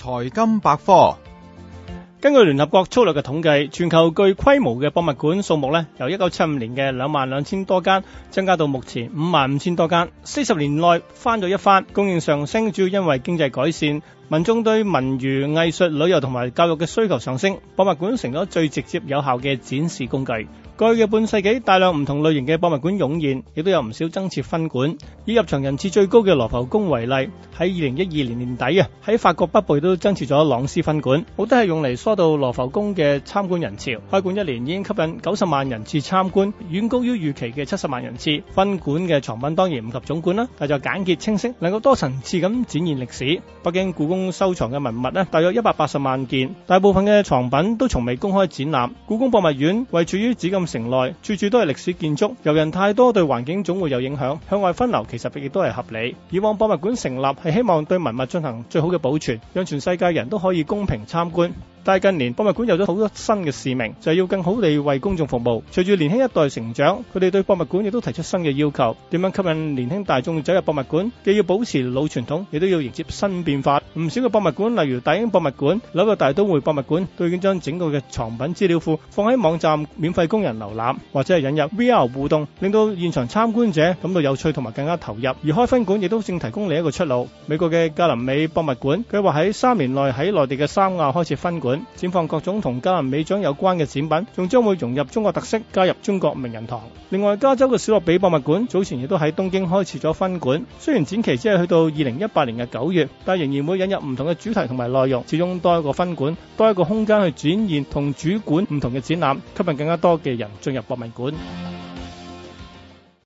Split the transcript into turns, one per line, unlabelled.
財金百科，根據聯合國粗略嘅統計，全球具規模嘅博物館數目咧，由一九七五年嘅兩萬兩千多間，增加到目前五萬五千多間，四十年內翻咗一番，供應上升，主要因為經濟改善。民眾對文娛、藝術、旅遊同埋教育嘅需求上升，博物館成咗最直接有效嘅展示工具。過去嘅半世紀，大量唔同類型嘅博物館湧現，亦都有唔少增設分館。以入場人次最高嘅羅浮宮為例，喺二零一二年年底啊，喺法國北部都增設咗朗斯分館。好多係用嚟疏導羅浮宮嘅參觀人潮。開館一年已經吸引九十萬人次參觀，遠高於預期嘅七十萬人次。分館嘅藏品當然唔及總館啦，但就簡潔清晰，能夠多層次咁展現歷史。北京故宮。收藏嘅文物呢，大約一百八十萬件，大部分嘅藏品都從未公開展覽。故宮博物院，位處於紫禁城內，處處都係歷史建築，遊人太多對環境總會有影響，向外分流其實亦都係合理。以往博物館成立係希望對文物進行最好嘅保存，讓全世界人都可以公平參觀。但近年博物館有咗好多新嘅使命，就係要更好地為公眾服務。隨住年輕一代成長，佢哋對博物館亦都提出新嘅要求。點樣吸引年輕大眾走入博物館？既要保持老傳統，亦都要迎接新變化。唔少嘅博物館，例如大英博物館、紐約大都會博物館，都已經將整個嘅藏品資料庫放喺網站免費供人瀏覽，或者係引入 VR 互動，令到現場參觀者感到有趣同埋更加投入。而開分館亦都正提供另一個出路。美國嘅格林美博物館，佢話喺三年內喺內地嘅三亞開設分館。展放各種同加林美獎有關嘅展品，仲將會融入中國特色，加入中國名人堂。另外，加州嘅小洛比博物館早前亦都喺東京開設咗分館，雖然展期只係去到二零一八年嘅九月，但仍然會引入唔同嘅主題同埋內容。始終多一個分館，多一個空間去展現主館同主館唔同嘅展覽，吸引更加多嘅人進入博物館。